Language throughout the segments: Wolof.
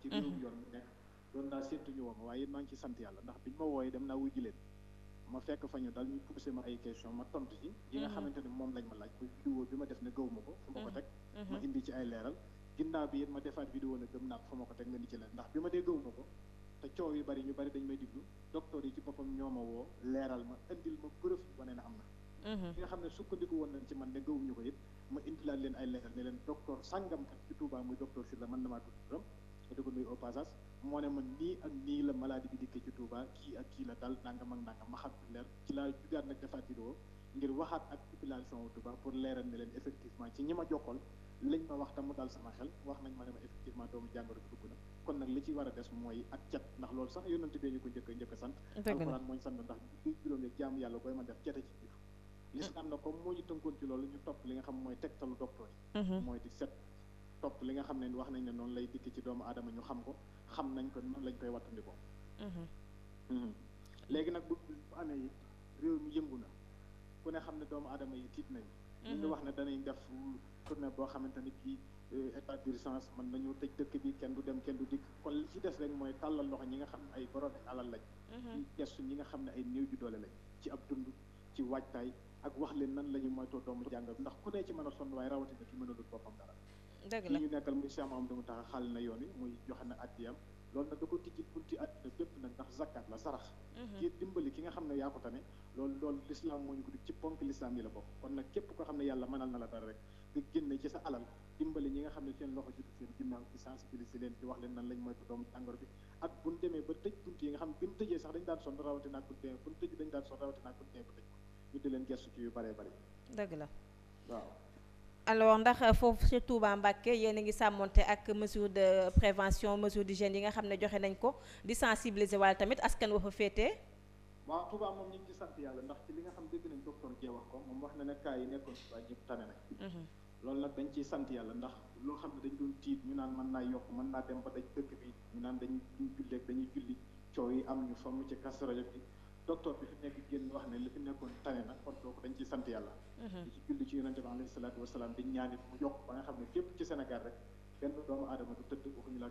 ci biirum mhm. yoon bi nekk doon naa séntu ñu woo ma waaye maa ngi ci sant yàlla ndax biñ ma wooyee dem naa wuy ji leen ma fekk fa ñu dal ñu poussé ma ay question ma tontu ci yi nga mhm. xamante ne moom lañ ma laaj muy vidéo bi ma def ne gëw ma ko fu ma ko mhm. teg indi ci ay leeral ginnaaw bi yéen ma defaat vidéo ne gëm naa ko fu ma ko teg nga ni ci leen ndax bi ma dee gëw ma ko te bari ñu bari dañ may diglu docteur yi ci boppam ñoo ma woo leeral ma indil ma preuve wane na am na li nga xam ne sukkandiku woon nañ ci man ne gëwuñu ko ma indilaat leen ay leeral ne leen docteur sàngamkat ci Touba muy docteur si la mën na maa tudd turam te di ko nuyu moo ne ma nii ak nii la maladie bi dikkee ci Touba kii ak kii la dal nangam ak nangam ma xam ci leer ci laa jugaat nag defaat vidéo ngir waxaat ak population wu Touba pour leeral ne leen effectivement ci ñi ma jokkool liñ ma wax tam mu dal sama xel wax nañ ma ne ma effectivement doomu jàngoro bi dugg na kon nag li ci war a des mooy ak cet ndax loolu sax yonent bee ñu ko njëkk a njëkk a sant alxuraan sant ndax i juróom yeeg jaamu ma def cete ci biir mm-hmm. ci loolu ñu topp li nga xam mooy tegtalu docteur topp li nga xam ne ni wax nañ ne noonu lay dikk ci doomu adama ñu xam ko xam nañ ko noonu lañ koy wattandikoo. Mhm. Mhm. léegi nag bu amee réew mi yëngu na ku ne xam ne doomu adama yi tiit nañ ñu ngi mhm. wax ne danañ def tournée boo xamante ni kii euh, état d'urgence mën nañu tëj dëkk bi kenn du dem kenn du dikk kon ci des rek mooy tàllal loxo ñi nga xam ne ay borom alal lañ ci gestu ñi nga xam ne ay néew ju doole lañ ci ab dund ci waajtaay ak wax leen nan la ñu moytoo doomu jàngoro ndax ku ne ci mën a sonn waaye rawatina ki mënalul boppam dara dëgg la ñu nekkal muy Cheikh Mamadou Moutakha xàll na yoon wi muy joxe na addiyam loolu nag da ko tijji bunti àdduna bépp nag ndax zakat la sarax kii dimbali ki nga xam ne yaa ko tane loolu lool lislaam moo ñu ko ci ponk lislaam yi la bokk kon nag képp koo xam ne yàlla mënal na la dara rek nga génne ci sa alal dimbali ñi nga xam ne seen loxo ci seen ginnaaw ci sensibiliser leen ci wax leen nan lañ moytu doomu jàngoro bi ak buñ demee ba tëj bunt yi nga xam ne bi mu dañ daan sonn rawati naa buñ demee buñ tëj dañ daan sonn rawati naa buñ demee ba alors ndax foofu ci Touba Mbacké yéen a ngi sàmmoonte ak mesure de prévention mesure d'hygiène yi nga xam ne joxe nañ ko di sensibiliser waale tamit askan wa fa féetee waaw Touba moom ñu ngi ci sant yàlla ndax ci li nga xam dégg nañ docteur Dieng wax na ne cas yi nekkoon Touba mhm. loolu nag dañ ci sant yàlla ndax loo xam ne dañ doon tiit ñu naan mën naa yokk mën naa dem ba daj dëkk bi ñu naan dañuy julleeg dañuy julli coow yi am ñu sonn ci kasarajo bi docteur bi fi nekk génn wax ne li fi nekkoon tane na kon donc dañ sant yàlla. Mhm. di ci julli ci yonente bi alayhi salaatu wasalaam di ñaan it mu yokk ba nga xam ne fépp ci Sénégal laa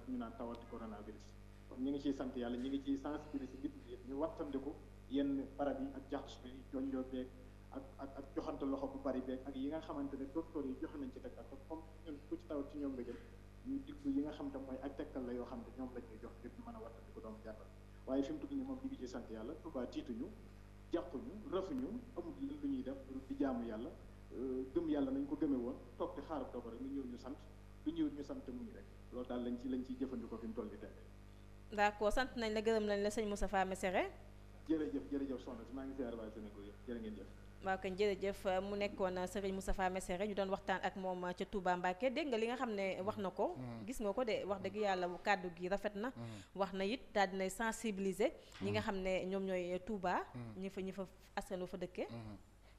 ñu naan tawati coronavirus. kon ñu sant yàlla ñu ngi ciy sensibiliser nit ñi ñu wattandiku yenn barab yi ak jaxasu bi ak ak ak joxante loxo bu bari beeg ak yi nga xamante ne docteur yi joxe nañ ci tegtal te comme ñun ku ci yi nga xam te mooy ak tegtal la yoo xam ne ñoom la ñuy jox ngir mën a wattandiku doomu jàngoro waaye fi mu dugg nii moom ñu ngi ci sant yàlla Touba ñu jàquñu rafuñu amul lu ñuy def di jaamu yàlla euh, gëm yàlla nañ ko gëmee woon toog di xaarab dogal rek lu ñëw ñu sant lu ñëw ñu sant muñ rek loolu daal lañ ci lañ ci jëfandikoo fi mu toll di teg. d'accord sant nañ la gërëm nañ la sëñ Moustapha Messere jërëjëf jërëjëf soxna si waaw kañ jërëjëf euh, mu nekkoon euh, seriñ Moustapha Messere ñu doon waxtaan ak moom euh, ca Touba Mbacké dégg nga li nga xam ne wax na ko mm-hmm. gis nga ko de wax dëgg yàlla kàddu gi rafet na mm-hmm. wax na it daal dinay sensibiliser ñi nga mm-hmm. xam ne ñoom ñooy Touba ñi fa ñi fa askan fa dëkkee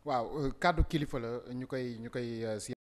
waaw kàddu kilifa la ñu koy ñu koy